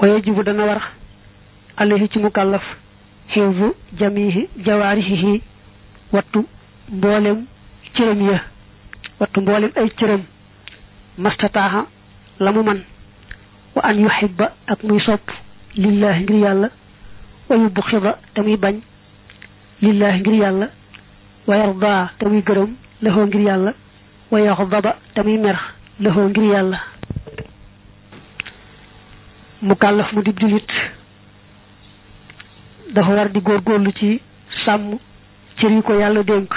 waaye jibu dana war alayhi ci mukallaf xeewu jamihi jawaarihi watu mboolem cëram ya wattu mboolem ay cëram mastataaxa la mu man wa an yuhibba ak muy sopp lillaahi ngir yàlla wa yubxiba te muy bañ lillaahi ngir yàlla wa yardaa te muy gërëm lëxoo ngir yàlla wa yaxdaba te muy mer lëxoo ngir yàlla mu kàllaf mu di jullit dafa war di góorgóorlu ci sàmm cër yi ko yàlla dénk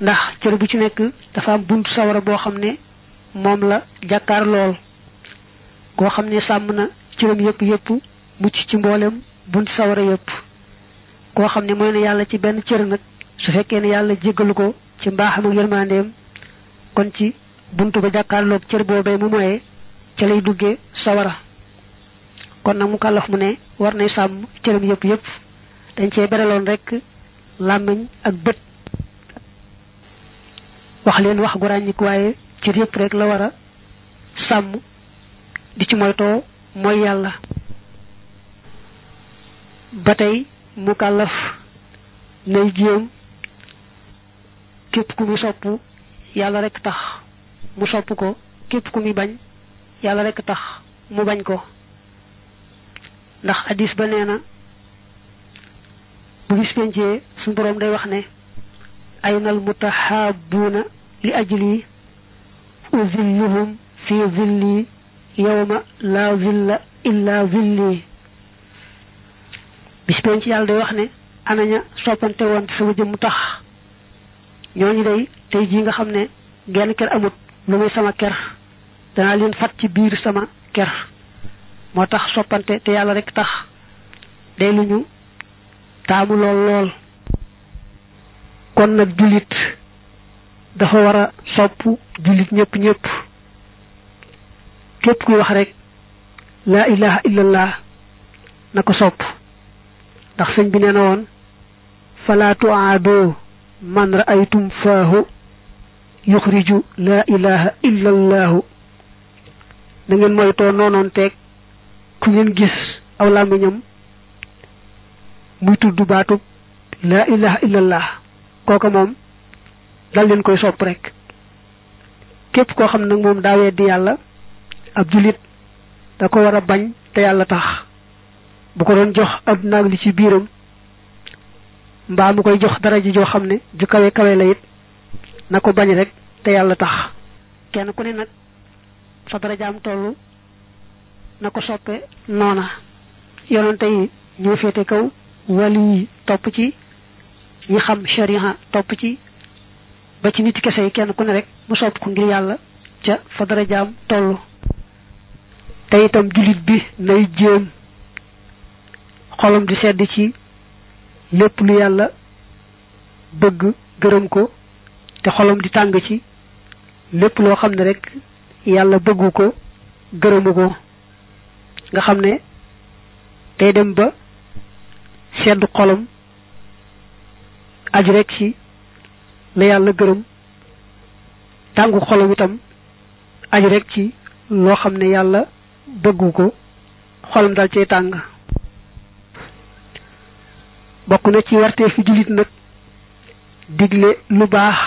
ndax cër bu ci nekk dafa am buntu sawara boo xam ne moom la jàkkaar lool koo xam ne sàmm na cëram yëpp yëpp mucc ci ci mboolem bunt sawara yëpp goo xam ne mooy na yàlla ci benn cër nag su fekkee ne yàlla jéggalu ko ci mbaaxam ak yërmandeem kon ci buntu ba jàkkaarloog cër boobee mu moyee ca lay duggee sawara kon nag mu kàllaf mu ne war nay sàmm cëram yëpp yëpp dañ cee beraloon rek làmmiñ ak bët wax leen wax gu ràññik waaye cër yëpp rek la war a sàmm di ci moytoo mooy yàlla ba tey mu kàllaf nay jéem képp ku muy sopp yàlla rek tax mu sopp ko képp ku muy bañ yàlla rek tax mu bañ ko ndax hadis ba nee na bu bis suñ suñu boroom day wax ne ay aynal mutahabuuna li ajli uzilluhum fi zilli yawma laa zilla illa zilli bis penc yàlla day wax ne anaña soppante woon sama mu tax ñooñu day tey jii nga xam ne genn ker amut lu muy sama ker danaa leen fat ci biir sama ker moo tax soppante te yàlla rekk tax day lu ñu taamu lool lool kon nag jullit dafa war a sopp jullit ñëpp ñëpp képp kuy wax rekk la ilaha illallah na ko sopp ndax sëñ bi nee na woon fala tuaado man raaytum faahu yuxriju laa ilaha illallahu na ngeen noonoon teeg ku ngeen gis aw làmmiñam muy tudd baatub laa ilaha illallah kooka moom dal leen koy sopp rek képp koo xam nag moom daa weddi yàlla ab jullit da ko war a bañ te yàlla tax bu ko doon jox àdduna ak li ci biiram mbaa mu koy jox dara ji joo xam ne ju kawe kawe la it na ko bañ rek te yàlla tax kenn ku ne nag fa darajaam tollu na ko soppe noona yonante yi ñoo féete kaw wàllu yi topp ci ñi xam shariha topp ci ba ci nit kese yi kenn ku ne rek mu sopp ko ngir yàlla ca fa dara jaam toll te jullit bi nay jéem xolam di sedd ci lépp lu yàlla bëgg gërëm ko te xolam di tàng ci lépp loo xam ne rek yàlla bëggu ko gërëmu ko nga xam ne day dem ba sedd xolam aju rek ci la yàlla gërëm tàngu xolam itam aju rek ci loo xam ne yàlla bëggu ko xolam dal cee tàng bokk na ci warte fi jullit nag digle lu baax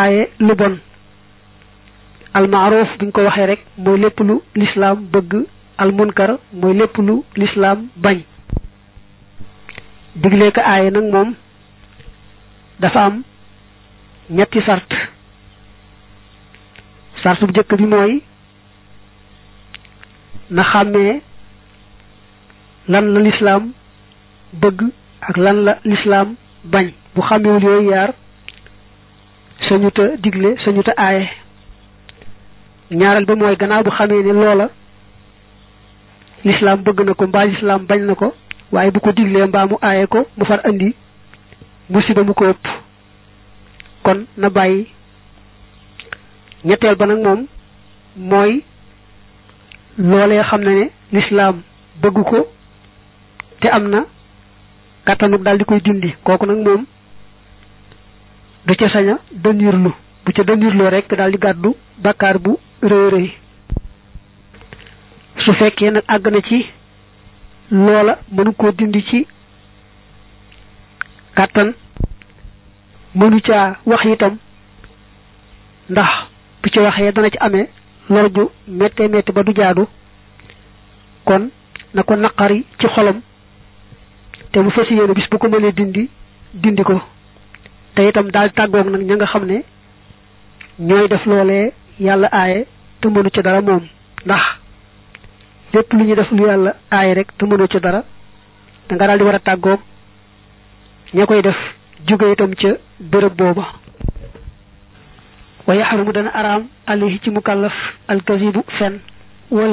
aaye lu bon almaaroof bi ñu ko waxee rek mooy lépp lu lislaam bëgg al munkar mooy lépp lu lislaam bañ digle ko aaye nag moom dafa am ñetti sart sart bu njëkk bi mooy na xàmmee lan la lislaam bëgg ak lan la lislaam bañ bu xàmmewul yooyu yaar sañu ta digle sañu aaye ñaareel ba mooy gannaaw bu xamee ne loola lislaam bëgg na ko mbaa lislaam bañ na ko waaye bu ko diglee mbaa mu aaye ko mu far andi musiba mu ko ëpp kon na bàyyi ñetteel ba nag moom mooy loolee xam na ne lislaam bëgg ko te am na kàttanug dal di koy dindi kooku nag moom du ca sañ a dënirlu bu ca dënirloo rekk daal di gàddu bàkkaar bu rëy rëy su fekkee nag àgg na ci loola mënu koo dindi ci kàttan mënu caa wax itam ndax bu ca waxee dana ci ame lor ju méttee métti ba du jaadu kon na ko naqari ci xolam te mu fas yéene bis bu ko mënee dindi dindi ko te itam daal tàggoog nag ña nga xam ne ñooy def loolee yàlla aaye te mënu ca dara moom ndax lépp lu ñu def lu yàlla aay rek te mënoo ca dara da nga daal di war a tàggoog ña koy def jóge itam ca bërëb booba waaye xarumu dana araam alayhi ci mukallaf alkazibu fen wal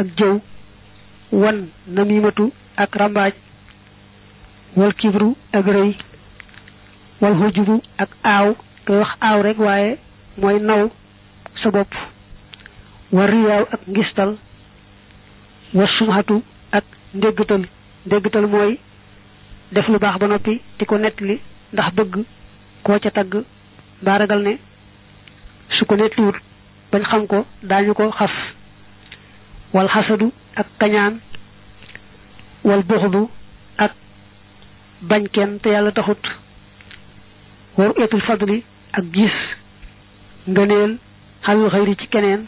ak jëw wan namimatu ak rambaaj wal ak rëy wal ak aaw te wax aaw rek waaye mooy naw sa bopp war ak ngistal wa sumhatu ak ndéggtal ndéggtal mooy def lu baax ba noppi di ko nettali ndax bëgg koo ca tagg ba ragal ne su ko nettaliwut bañ xam ko daañu ko xas wal xasadu ak kañaan wal buxdu ak bañ kenn te yàlla taxut wa ru'yatul fadli ak gis ngëneel xalul xayri ci keneen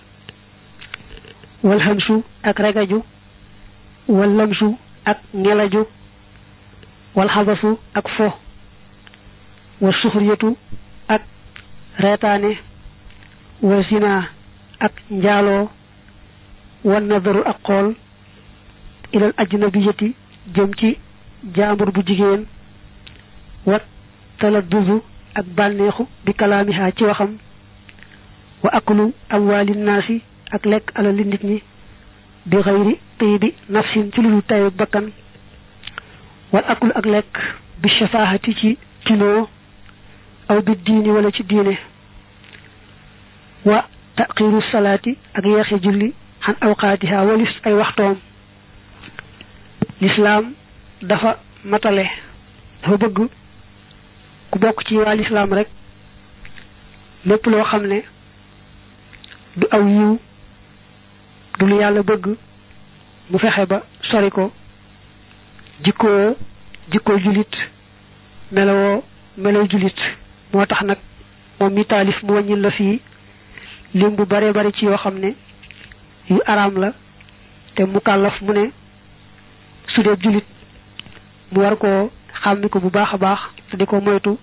wal xamsu ak ragaju wal lagju ak ngelaju wal xabasu ak fo wa suxriyatu ak reetaane wa zinaa ak njaaloo wa nadaru ak xool ilal ajnabiyati jëm ci jaambur bu jigéen wa taladduzu ak bànneexu bi kalaamiha ci waxam wa aklu amwaali naasi ak lekk alali nit ñi bi xayri tiibi nafsin ci lu dul bakkan wal akul ak lekk bi shafaahati ci tinoo aw bi diini wala ci diine wa taqiru salaati ak yeexe julli xan awqaatiha walis ay waxtoom lislaam dafa matale dafa bëgg ku bokk ci waa lislaam rek lépp loo xam ne du aw yiw du lu yàlla bëgg mu fexe ba sori ko jikkoo jikkoo julit melowoo melow julit moo tax nag moom mi taalif mu wàññil la fi lim bu bare bari ci yoo xam ne yu araam la te mu kàllaf mu ne su dee julit mu war koo xàmmi ko bu baax a baax te di ko moytu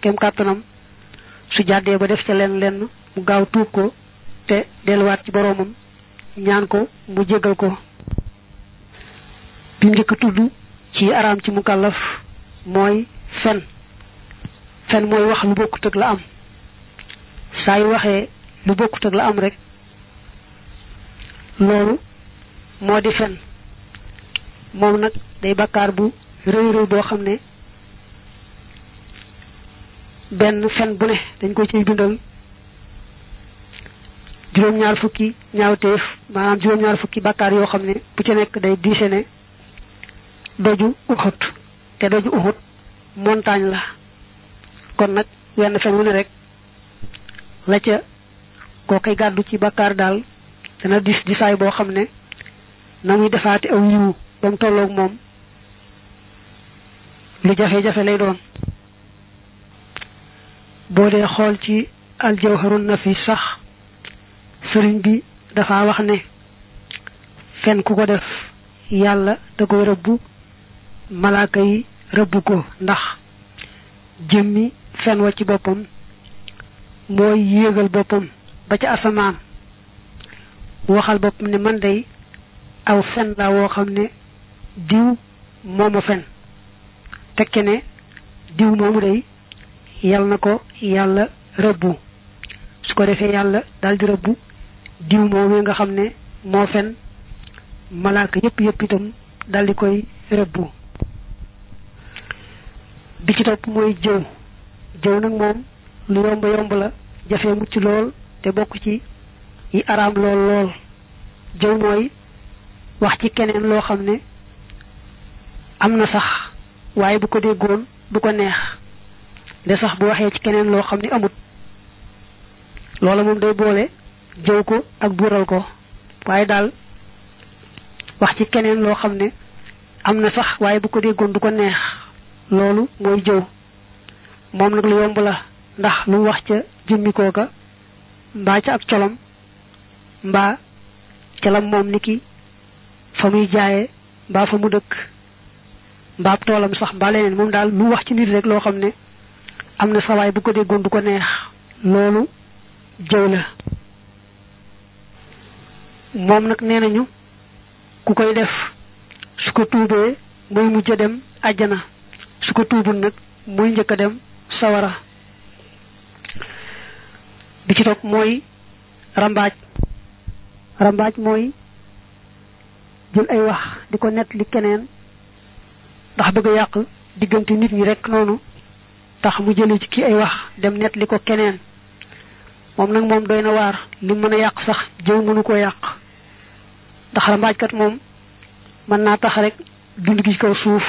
kem kàttanam su jàddee ba def ca leen lenn mu gaaw tuub ko te delluwaat ci boromam ñaan ko mu jégal ko bi njëkk tudd ci araam ci mukallaf mooy fen fen mooy wax lu bokkut la am saa yu waxee lu bokkut la am rek loolu moo di fen moom nag day bàkkaar bu rëy rëy boo xam ne benn fen bu ne dañ ko ciy bindal juróom-ñaar fukki ñaawteef maanaam juróom-ñaar fukki bakkaar yoo xam ne bu ci nekk day diise ne doju uxut te doju uxut montagne la kon nag wenn fen wu ne rek la ca koo koy gàddu ci bàkkaar daal dana dis disaay boo xam ne na muy defaati aw yiwu ba mu tolloog moom lu jafe-jafe lay doon boo dee xool ci na fi sax sëriñ bi dafa wax ne fen ku ko def yàlla da koy rëbbu malaaka yi rëbbu ko ndax jëmmi fen wa ci boppam mooy yéegal boppam ba ca asamaan waxal boppam ne man day aw fen laa woo xam ne diw moomu fen tekke ne diw moomu dey yal na ko yàlla rëbbu su ko defee yàlla daal di rëbbu diw moomee nga xam ne moo fen malaaka yépp yëpp itam daldi koy rëbbu bi ci topp mooy jëw jëw nag moom lu yomb yomb la jafee mucc lool te bokk ci yi araam lool lool jëw mooy wax ci keneen loo xam ne am na sax waaye bu ko déggoon du ko neex de sax bu waxee ci keneen loo xam ne amut loola moom day boole jëw ko ak buural ko waaye daal wax ci keneen loo xam ne am na sax waaye bu ko déggoon du ko neex loolu mooy jëw moom nag lu ndax lu wax ca jëmmi kooka mbaa ca ak colom mbaa ca moom ni fa muy jaaye mbaa mu dëkk mbaa toolam sax mbaa leneen moom daal lu wax ci nit loo xam ne am na sawaay bu ko déggoon du ko neex loolu jëw la moom nag nee nañu ku koy def su ko tuubee muy mujj a dem àjjana su ko tuubul nag muy njëkk a dem sawara bi ci topp mooy rambaaj rambaaj mooy jël ay wax di ko nett li keneen ndax bëgg a yàq diggante nit ñi rekk noonu tax mu jële ci kii ay wax dem nett li ko keneen moom nag moom doy na waar li mën a yàq sax jëw mënu koo yàq ndax rambaajkat moom mën naa tax rek dund gi ci kaw suuf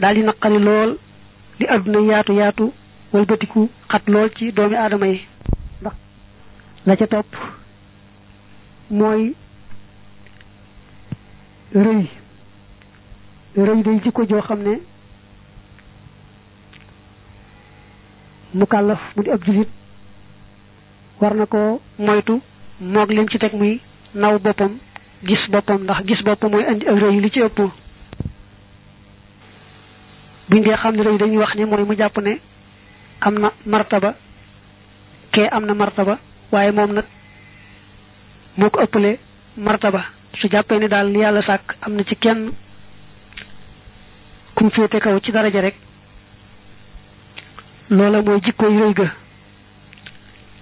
dal di naqari lool li àdduna yaatu yaatu wëlbatiku xat lool ci doomi aadama yi ndax la ca topp mooy rëy rëy day jikko joo xam ne mu kàllaf mu di ab jullit war na ko moytu moog leen ci teg muy naw boppam gis boppam ndax gis boppam mooy andi ak rëy li ci ëpp buñ dee xam ne rëy dañuy wax ni mooy mu jàpp ne am na martaba kee am na martaba waaye moom na moo ko ëppale martaba su jàppee ni daal li yàlla sàkk am na ci kenn kum féete kaw ci daraja rek loola mooy jikkoy rëy ga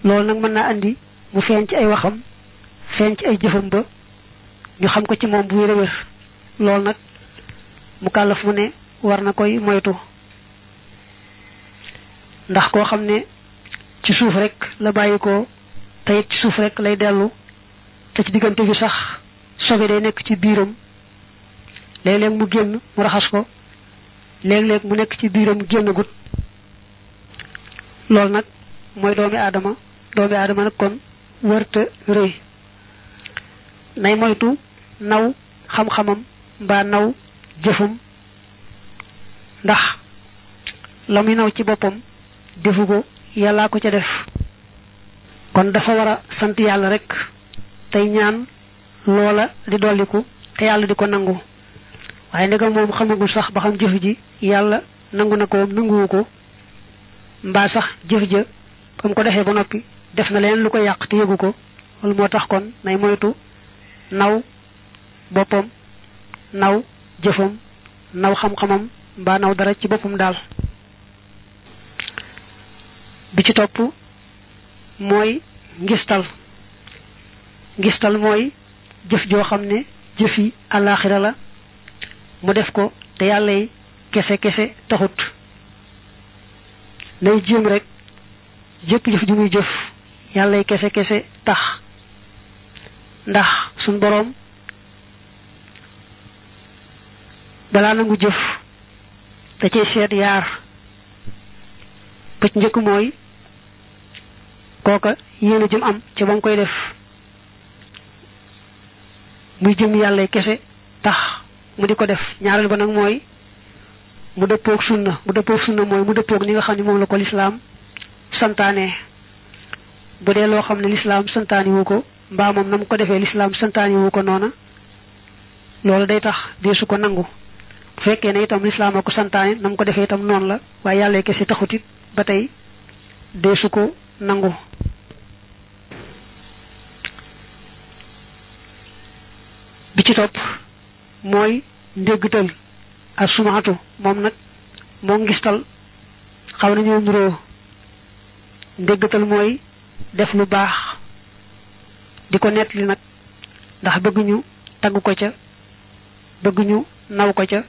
loolu nag mën naa indi mu feeñ ci ay waxam feeñ ci ay jëfam ba ñu xam ko ci moom bu wér a wér loolu nag mu kàllaf mu ne war na koy moytu ndax koo xam ne ci suuf rek la bàyyi ko te ci suuf rek lay dellu te ci diggante bi sax sobe day nekk ci biiram léeg-léeg mu génn mu raxas ko léeg-léeg mu nekk ci biiram génn gut loolu nag mooy doomi aadama doomi aadama nag kon wërta rëy nay moytu naw xam-xamam mbaa naw jëfam ndax la muy naw ci boppam defu ko yàllaa ko ca def kon dafa war a sant yàlla rek tey ñaan loola di dolliku te yàlla di ko nangu waaye ndegam moom xamagul sax ba xam jëf ji yàlla nangu na ko nanguwu ko mbaa sax jëf ja comme ko defee ba noppi def na leen lu ko yàq te yëgu ko loolu moo tax kon nay moytu naw boppam naw jëfam naw xam-xamam mbaa naw dara ci boppam daal bi ci topp mooy ngistal ngistal mooy jëf joo xam ne jëfi àllaaxira la mu def ko te yàlla kese kese taxut nay jéem rekk jëpp jëf ju muy jëf yàlla kese kese tax ndax suñ boroom balaa nangu jëf da cay seet yaar pëcc njëkk mooy kooka yéen a jëm am ci ba nga koy def muy jëm yàlla kese tax mu di ko def ñaareel ba nag mooy mu dëppoog na mu dëppoog sunna mooy mu dëppoog ni nga xam ne moom la ko lislaam santaane bu dee loo xam ne lislaam santaane wu ko mbaa moom na ko defee lislaam santaani wu ko noona loolu day tax deesu ko nangu bu fekkee ne itam lislaam a ko santaani na mu ko defee itam noonu la waaye yàlla si taxut it ba tey deesu ko nangu bi ci topp mooy ndéggtal ak sumaatu moom nag moo ngistal xaw nañoo nuroo ndéggtal mooy def lu baax di ko nett li nag ndax bëgg ñu tagg ko ca bëgg ñu naw ko ca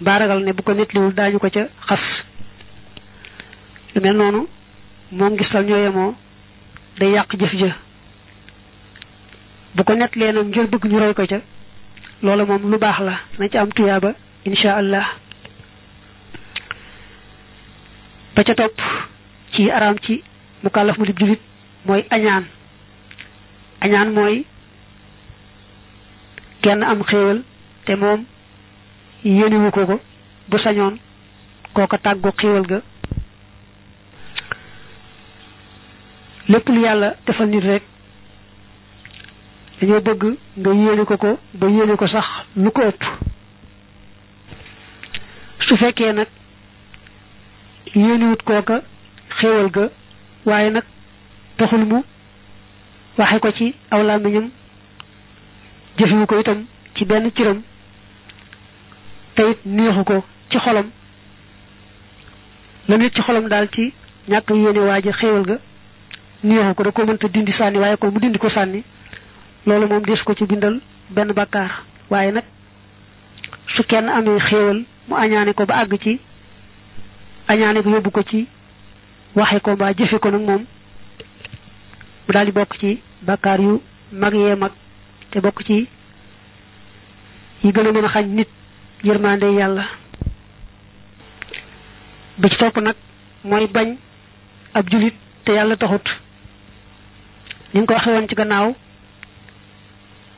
baaragal ne bu ko nettaliwul daañu ko ca xas lu mel noonu moom gis tal ñoo yemoo day yàq jëf ja bu ko nettalee nag ngir bëgg ñu roy ko ca loola moom lu baax la na ci am tuyaaba insha allah ba ca topp ci araam ci mu kàllaf mu di jullit mooy añaan añaan mooy kenn am xéewal te moom yéenewu ko ko bu sañoon kooka tàggu xéewal ga lépp lu yàlla defal nit rek dañoo bëgg nga yéene ko ko ba yéene ko sax lu ko ëpp su fekkee nag yéenewut kooka xéewal ga waaye nag taxul mu waxe ko ci aw làmmiñam jëfewu ko itam ci benn cëram teyit neexu ko ci xolom la ci xolom daal ci ñàkk yéene waa ji xéewal ga neexu ko da ko mënta dindi sànni waaye kon mu dindi ko sànni loolu moom des ko ci bindal benn bàkkaar waaye nag su kenn amee xéewal mu añaane ko ba àgg ci añaane ko yóbbu ko ci waxe ko mbaa jëfe ko nag moom mu daal di bokk ci bàkkaar yu mag yee mag te bokk ci yi gën a a xañ nit yërmande yàlla bi ci topp nag mooy bañ ab julit te yàlla taxut ni nga ko waxee ci gannaaw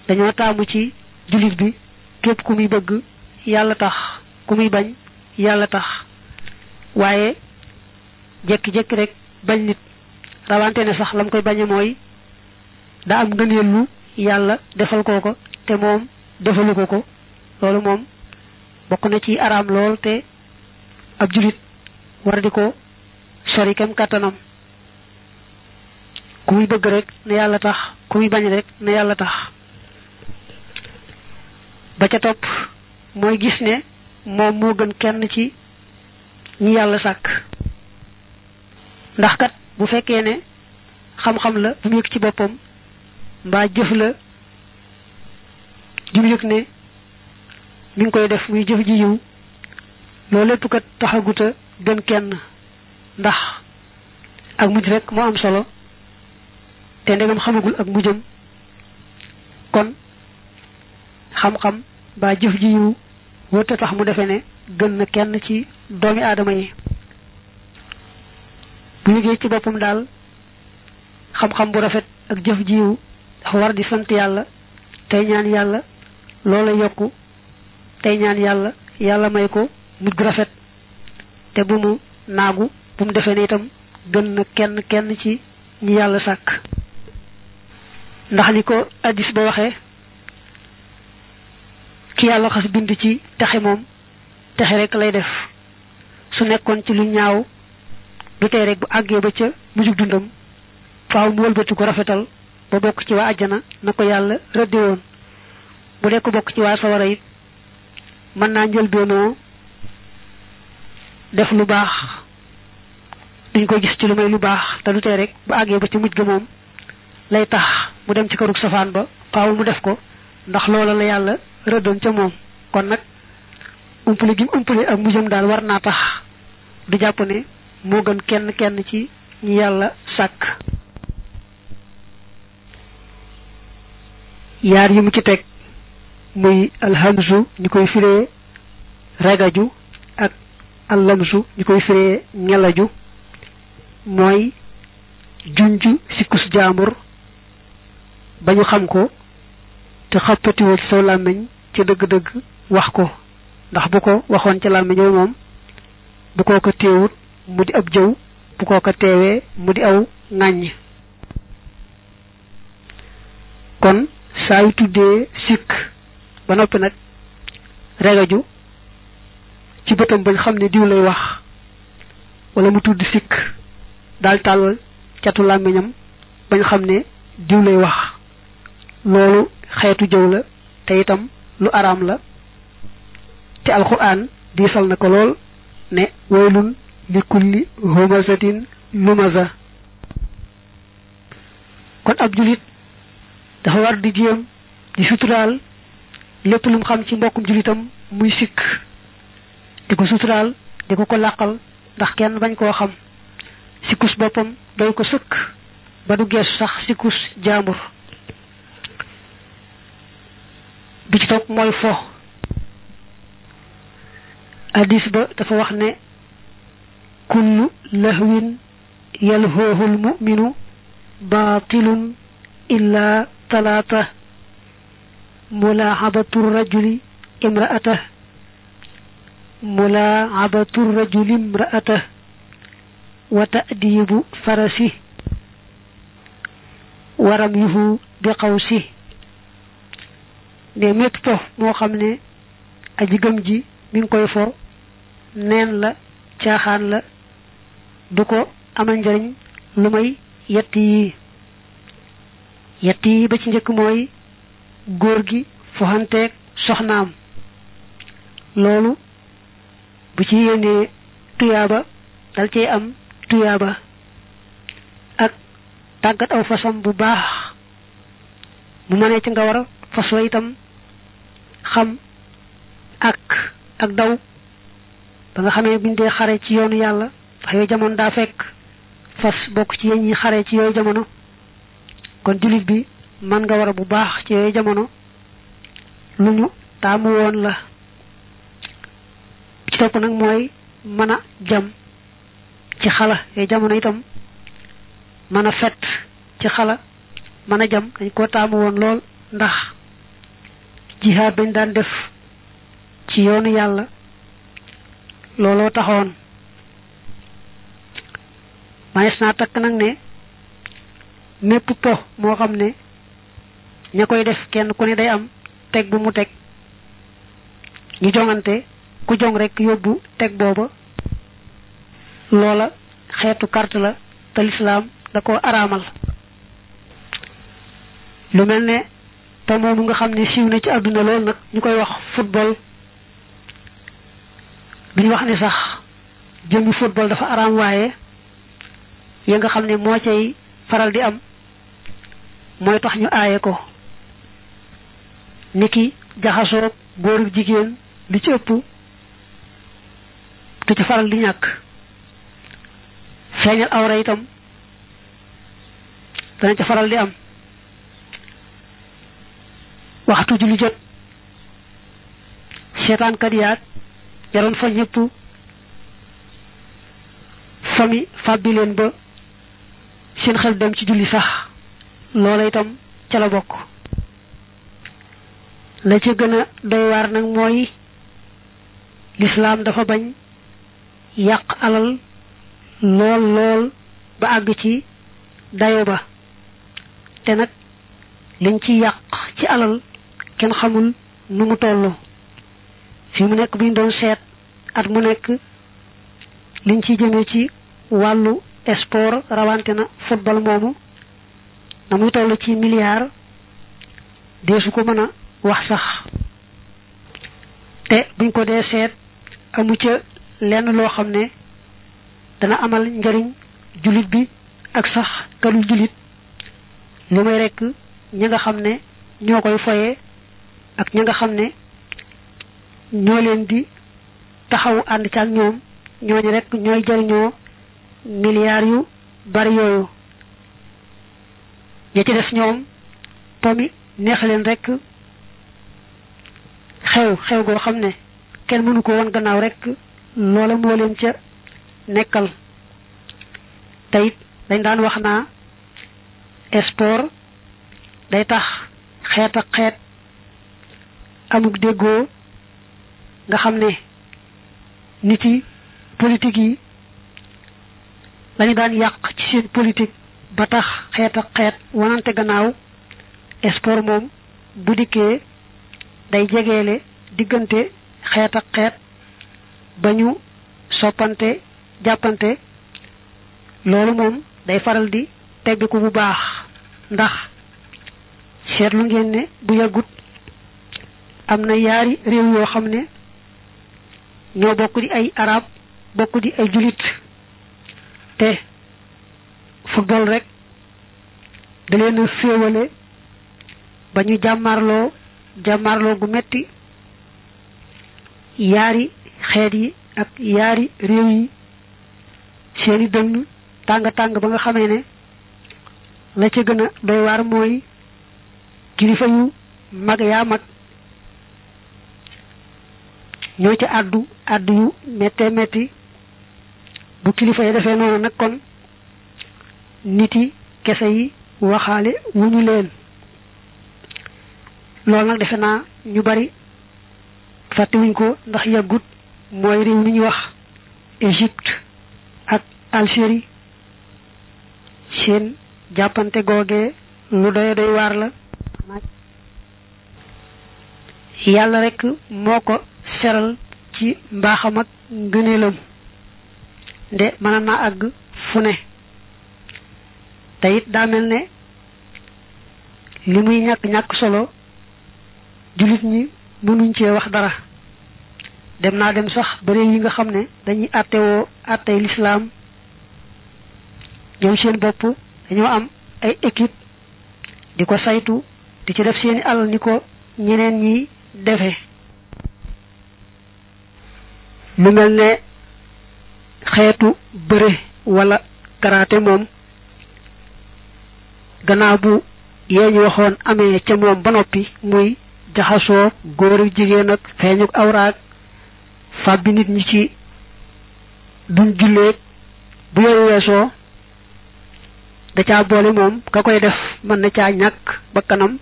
dañoo taamu ci julit bi képp ku muy bëgg yàlla tax ku muy bañ yàlla tax waaye jékki-jékki rek bañ nit rawante ne sax lam koy bañe mooy daa am ngëneel lu yàlla defal koo ko te moom defalu ko ko loolu moom bokk na ci araam lool te ab julit war di ko sori kem kàttanam ku muy bëgg rek ne yàlla tax ku muy bañ rekk ne yàlla tax ba ca topp mooy gis ne moom moo gën kenn ci ñi yàlla sàkk ndax kat bu fekkee ne xam-xam la bu mu yëg ci boppam mbaa jëf la ju mu yëg ne mi ngi koy def muy jëf ji yiw loolu lépp kat taxaguta gën kenn ndax ak mujj rekk moo am solo te ndegam xamagul ak mujjam kon xam-xam mbaa jëf ji yiw wërta tax mu defe ne gën na kenn ci doomi aadama yi liggéey ci boppam daal xam-xam bu rafet ak jëf jiwu dafa war di sant yàlla tey ñaan yàlla loola yokku tey ñaan yàlla yàlla may ko mujj rafet te bu mu naagu bu mu defee ne itam gën na kenn kenn ci ñi yàlla sàkk ndax ni ko addis ba waxee ki yàlla xas bind ci texe moom texe rek lay def su nekkoon ci lu ñaaw du tey rek bu àggee ba ca mujjug dundam faaw mu wëlbati ko rafetal ba bokk ci waa àjjana na ko yàlla rëdde bu dee ko bokk ci waa sawara it mën naa njëlbeenoo def lu baax duñ ko gis ci lu may lu baax te du tey rek bu àggee ba ca mujj ga moom lay tax mu dem ci kërug safaan ba faaw mu def ko ndax loola la yàlla rëddoon ca moom kon nag umpale gi mu ak mujjam daal war naa tax du jàpp ne moo gën kenn kenn ci ñi yàlla sàkk yaar yi mu ci teg muy alhamzu ñu koy firee ragaju ak allamzu ñu koy firee ngelaju mooy junj sikkus jaambur ba ñu xam ko te xappatiwoo ci saw làmmiñ ci dëgg-dëgg wax ko ndax bu ko waxoon ci làmmiñ moom bu koo ko téewut mu di ab jëw bu ko teewee mu di aw ŋàññ kon saa yu tuddee sikk ba noppi nag regaju ci bëtam bañ xam ne diw lay wax wala mu tudd sikk daal tàllal catu làmmiñam bañ xam ne diw lay wax loolu xeetu jëw la te itam lu araam la te alxuraan diisal na ko lool ne waylun li kulli humazatin lumaza kon ab julit dafa war di jéem di suturaal lépp lu xam ci mbokkum julitam muy sikk di ko suturaal di ko ko làqal ndax kenn bañ koo xam sikkus boppam doy ko sëkk ba du gees sax sikkus jaambur bi ci toog mooy fo addis ba dafa wax ne kullu lahwin yalhoohul muminu baatilun illaa talaata mulaaxabatu rajuli imraata mulaaxabatu rajuli imraata wa ta'diibu farasi waram yuhu bi qawsi ne mépp pof moo xam ne aji gëm ji mi ngi koy fo neen la caaxaan la du ko amal njariñ lu may yett yi yett yi ba ci njëkk mooy góor gi foxanteeg soxnaam loolu bu ci yéenee tuyaaba dal cay am tuyaaba ak tàggat aw fasam bu baax mu ne ci nga war a itam xam ak ak daw ba nga xamee buñ dee xare ci yoonu yàlla yooyu jamono daa fekk fas bokk ci yéen ñi xare ci yooyu jamono kon jullit bi man nga war bu baax ci yooyu jamono lu ñu taamu woon la ci topp nag mooy mën a jam ci xala yooyu jamono itam mën a fet ci xala mën a jam dañ ko taamu woon lool ndax jihaad bañ daan def ci yoonu yàlla looloo taxoon manees naa takk nag ne népp po moo xam ne ña koy def kenn ku ne day am teg bu mu teg ñu jongante ku jong rek yóbbu teg booba loola xeetu kart la te lislaam da ko araamal lu mel ne te moomu nga xam ne siiw na ci àdduna lool nag ñu koy wax football duñu wax ne sax jëmmi football dafa araam waaye ya nga xam ne moo cay faral di am mooy tax ñu aaye ko niki jaxasoog góor jigéen li ci ëpp du ci faral di ñàkk feeñal awra itam dana ca faral di am waxtu julli jot seetaankat yaag yaroon fa ñëpp fami fàbbi leen ba seen xel dem ci julli sax loola itam ca la bokk la ca gën a doy nag mooy lislaam dafa bañ yàq alal lool lool ba àgg ci dayo ba te nag liñ ci yàq ci alal kenn xamul nu mu toll fi mu nekk bi ñu doon seet at mu nekk liñ ci jëmee ci wàllu sport rawante na football moomu na muy toll ci milliard deesu ko mën a wax sax te buñ ko dee seet amu ca lenn loo xam ne dana amal njariñ jullit bi ak sax kadul jullit lu may rekk ñi nga xam ne ñoo koy foye ak ñi nga xam ne ñoo leen di taxawu ànd ca ak ñoom ñooñu rekk ñooy jariñoo milliards yu bari yooyu ñi ci def ñoom pomi neex leen rek xew xew goo xam ne kenn mënu ko woon gannaaw rek loola moo leen ca nekkal te dañ daan wax naa sport day tax xeet xeet amuk déggoo nga xam ne nit yi politik yi lañu daan yàq ci seen politique ba tax xeet ak xeet wanante gannaaw sport moom bu dikkee day jegeele diggante xeet ak xeet ba ñu soppante jàppante loolu moom day faral di teggiku bu baax ndax lu ngeen ne bu yàggut am na yaari réew yoo xam ne ñoo bokk di ay arab bokk di ay julit te football rek da leen a féewale ba ñu jàmmarloo jàmmarloo gu metti yaari xeet yi ak yaari réew yi seeni dënn tàng tàng ba nga xamee ne la ca gën a doy waar mooy kilifa yu mag yaa mag ñoo ci àddu àddu yu metti bu kilifa yi defee noonu nag kon nit yi kese yi waxaale wu ñu leen loolu nag defe naa ñu bari fàttewuñ ko ndax yëggut mooy réew mi ñuy wax Égypte ak Algérie seen jàppante googee lu doy doy waar la yàlla rekk moo ko seral ci mbaaxam ak ngëneelam de mën naa àgg fu ne te it daa mel ne li muy ñàkk ñàkk solo jullit ñi mënuñ cee wax dara dem naa dem sax ba yi nga xam ne dañuy àttewoo àttey lislaam ñoom seen bopp dañoo am ay équipe di ko saytu di ci def seeni alal ni ko ñeneen ñi defe mu mel ne xeetu bëre walla karaté moom gannaaw bu yeeñu waxoon amee ca moom ba noppi muy jaxasoo góor ak jigéen ak feeñuk awraag bi nit ñi ci duñ julleeg bu yooyu weesoo da caa boole moom ka koy def mën na caa ñàkk bakkanam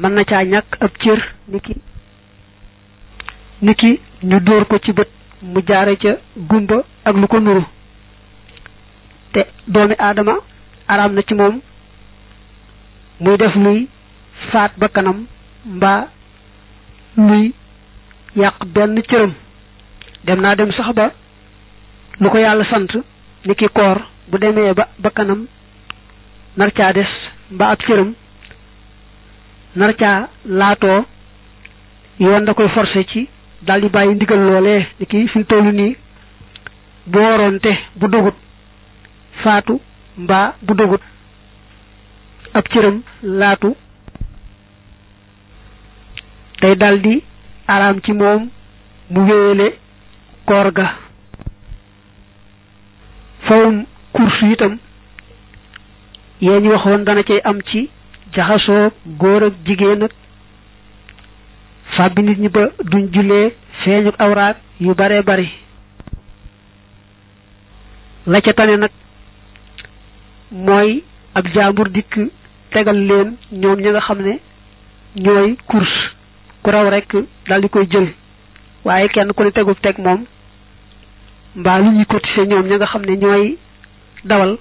mën na caa ñàkk ab cër niki niki ñu dóor ko ci bët mu jaare ca gumba ak lu ko nuru te doomi aadama araam na ci moom muy def luy faat bakkanam mbaa luy yàq benn cëram dem naa dem sax ba lu ko yàlla sant ni ki koor bu demee ba bakkanam nar caa des mbaa ab cëram nar caa laatoo yoon da koy forcé ci daal di bàyyi ndigal loolee ni kii fi mu ni nii bu waroonte bu dogut faatu mbaa bu dogut ab cëram laatu tey daldi di araam ci moom mu wéyale koor ga fawum course itam yee ñu waxoon dana cay am ci jaxasoo góor ak jigéen bi nit ñi ba duñ jullee feeñu awraat yu baree bari la ca tane nag mooy ab jaambur dikk tegal leen ñoom ñi nga xam ne ñooy course ku raw rekk dal di koy jël waaye kenn ku ne tegub teg moom mbaa lu ñuy cotiser ñoom ñi nga xam ne ñooy dawal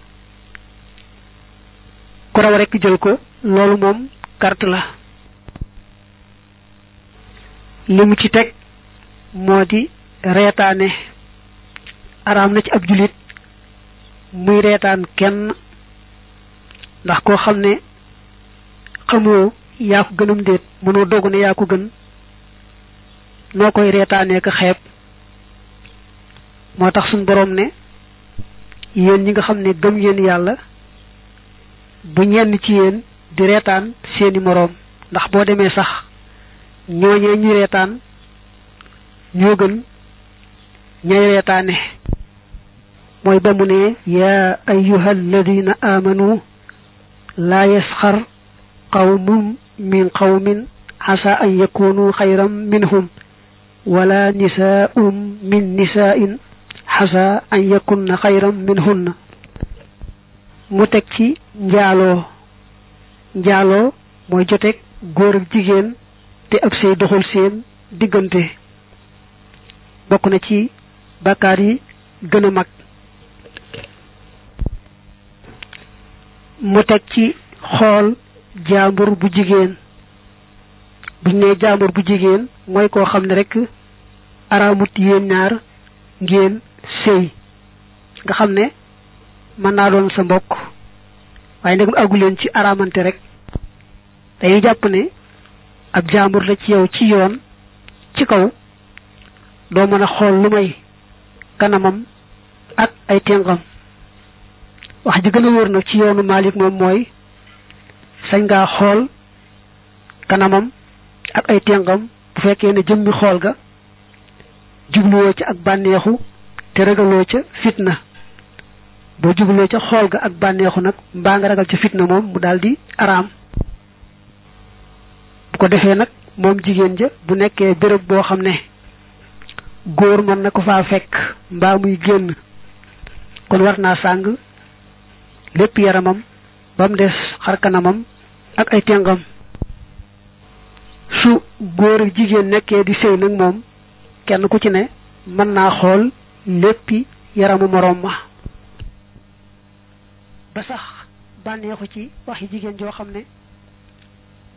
ku raw rekk jël ko loolu moom kart la li mu ci teg moo di reetaane araam na ci ab jullit muy reetaan kenn ndax koo xam ne xamoo yaa ko gënam déet mënoo dogu ne yaa ko gën noo koy reetaanee ko xeeb moo tax suñ boroom ne yéen ñi nga xam ne gëm yéen yàlla bu ñenn ci yéen di reetaan seeni moroom ndax boo demee sax ñooñee ñi reetaan ñoo gën mooy ba mu ne yaa ayyuha alladina amanu laa yasxar qawmum min qawmin asa an yakunu xayran minhum wala nisaa'un min nisaa'in asa an yakunna xayran minhunna mu teg ci njaaloo njaaloo mooy joteeg góor ak jigéen te ab sëy doxul seen diggante bokk na ci bakkaar yi gëna a mag mu teg ci xool jaambur bu jigéen buñ ne jaambur bu jigéen mooy koo xam ne rek araamut yéen ñaar ngeen sëy nga xam ne mën naa doon sa mbokk waaye ndegam aguleen ci araamante rek dañuy jàpp ne ab jaambur la ci yow ci yoon ci kaw doo mën a xool lu may kanamam ak ay tengam wax ji gën a wóor nag ci yoonu Malik moom mooy sañ ngaa xool kanamam ak ay tengam bu fekkee ne jëmmi xool ga jubluwoo ca ak bànneexu te ragaloo ca fitna boo jubloo ca xool ga ak bànneexu nag mbaa nga ragal ca fitna moom mu daldi araam ko defee nag moom jigéen jë bu nekkee bërëb boo xam ne góor mën na ko faa fekk mbaa muy génn kon war naa sàng lépp yaramam ba mu des xarkanamam ak ay tengam su góor ak jigéen nekkee di sëy nag moom kenn ku ci ne mën naa xool léppi yaramu moroom ma ba sax bànneexu ci waxi jigéen joo xam ne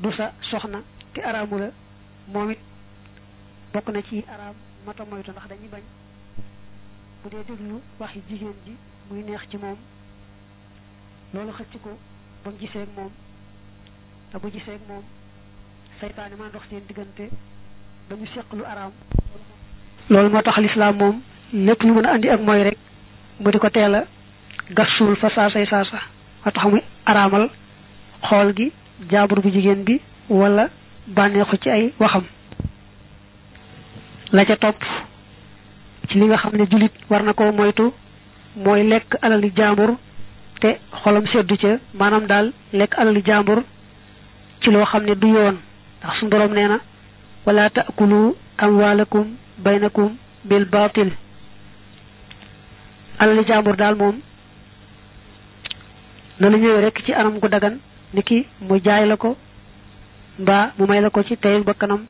du sa soxna te araamu la moom it bokk na ci araam mata moytu ndax dañuy bañ bu dee déglu waxi jigéen ji muy neex ci moom loolu xëcc ko ba mu gisee moom te bu gisee ak moom saytaane maa ndox seen diggante ba ñu seq lu araam loolu moo tax lislaam moom lépp lu mën a indi ak mooy rek mu di ko teel a gas suul fa saasay saasa moo tax muy araamal xool gi jaabur bu jigéen bi wala bànneexu ci ay waxam la ca topp ci li nga xam ne jullit war na ko moytu mooy lekk alali jaambur te xolam seddu ca maanaam daal lekk alali jaambur ci loo xam ne du yoon ndax suñu borom nee na wala taakulu amwaalakum baynakum bil baatil alali jaambur daal moom na lu ñëwee rekk ci anam gu dagan niki mu jaay la ko mbaa mu may la ko ci teyug bakkanam